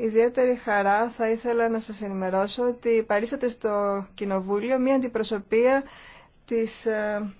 ιδιαίτερη χαρά θα ήθελα να σας ενημερώσω ότι παρήσατε στο Κοινοβούλιο μία αντιπροσωπεία της ε,